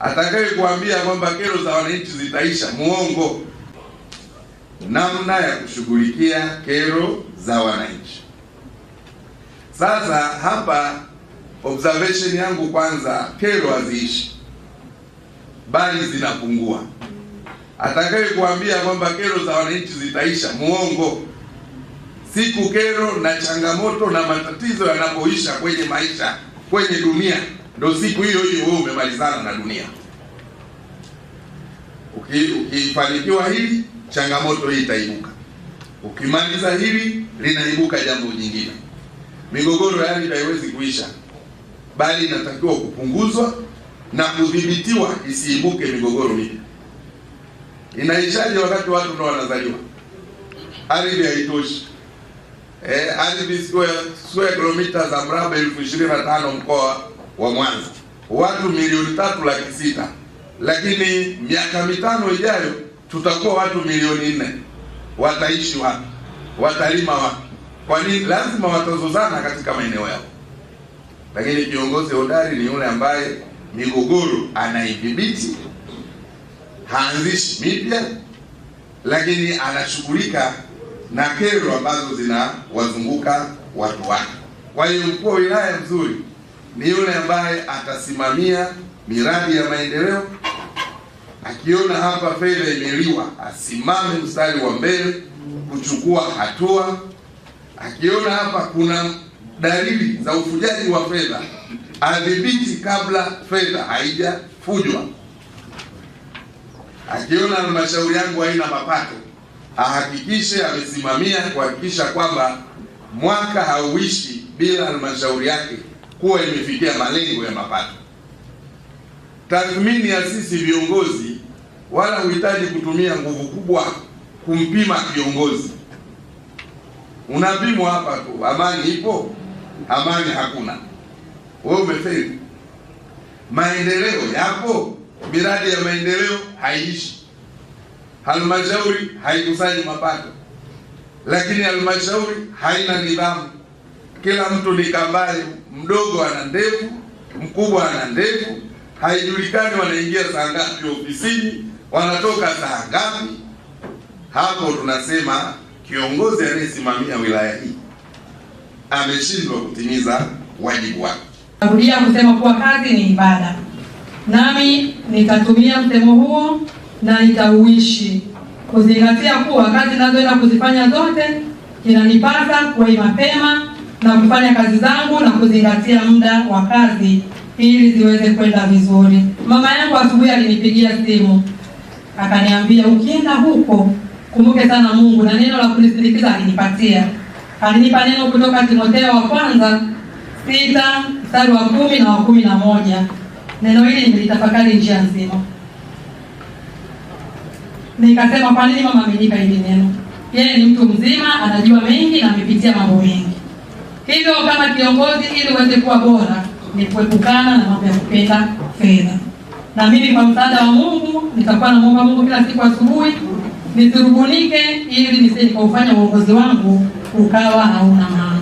Atakaye kuambia kwamba kero za wananchi zitaisha, muongo. Namna ya kushughulikia kero za wananchi. Sasa hapa observation yangu kwanza, kero haziishi bali zinapungua. Atakaye kuambia kwamba kero za wananchi zitaisha, muongo. Siku kero na changamoto na matatizo yanapoisha kwenye maisha, kwenye dunia ndo siku hiyo hiyo wewe umemalizana na dunia. Ukifanikiwa uki hili, changamoto hii itaibuka. Ukimaliza hili, linaibuka jambo jingine. Migogoro ya ardhi haiwezi kuisha, bali inatakiwa kupunguzwa na kudhibitiwa isiibuke migogoro mipya. Inaishaje wakati watu ndo wanazaliwa? Ardhi haitoshi. Eh, ardhi square square kilomita za mraba elfu ishirini na tano mkoa wa Mwanza, watu milioni tatu laki sita, lakini miaka mitano ijayo tutakuwa watu milioni nne. Wataishi wapi? Watalima wapi? Kwa nini? Lazima watazozana katika maeneo yao, lakini kiongozi hodari ni yule ambaye migogoro anaidhibiti, haanzishi mipya, lakini anashughulika na kero ambazo zinawazunguka watu wake. Kwa hiyo mkuu wa wilaya mzuri ni yule ambaye atasimamia miradi ya maendeleo. Akiona hapa fedha imeliwa, asimame mstari wa mbele kuchukua hatua. Akiona hapa kuna dalili za ufujaji wa fedha, adhibiti kabla fedha haijafujwa. Akiona halmashauri yangu haina mapato, ahakikishe amesimamia kuhakikisha kwamba mwaka hauishi bila halmashauri yake kuwa imefikia malengo ya mapato. Tathmini ya sisi viongozi wala huhitaji kutumia nguvu kubwa kumpima kiongozi. Unapimwa hapa tu, amani ipo, amani hakuna, wewe umefeli. Maendeleo yapo, miradi ya maendeleo haiishi, halmashauri haikusanyi mapato, lakini halmashauri haina nidhamu kila mtu likambali, mdogo ana ndevu, mkubwa ana ndevu, haijulikani wanaingia saa ngapi ofisini, wanatoka saa ngapi. Hapo tunasema kiongozi anayesimamia wilaya hii ameshindwa kutimiza wajibu wake. Narudia kusema kuwa kazi ni ibada, nami nitatumia msemo huo na nitauishi kuzingatia kuwa kazi nazoenda kuzifanya zote kinanipasa kuwai mapema na kufanya kazi zangu na kuzingatia muda wa kazi ili ziweze kwenda vizuri. Mama yangu asubuhi alinipigia simu akaniambia, ukienda huko kumbuke sana Mungu, na neno la kunisindikiza alinipatia. Alinipa neno kutoka Timotheo wa kwanza sita mstari wa kumi na wa kumi na moja. Neno hili nilitafakari njia nzima, nikasema kwa nini mama amenipa hili neno? Yeye ni mtu mzima, anajua mengi na amepitia mambo mengi Hivyo kama kiongozi, ili uweze kuwa bora, ni kuepukana na mambo ya kupenda fedha. Na mimi kwa msaada wa Mungu nitakuwa namuomba Mungu kila siku asubuhi nisurubunike, ili nisije kufanya uongozi wangu ukawa hauna maana.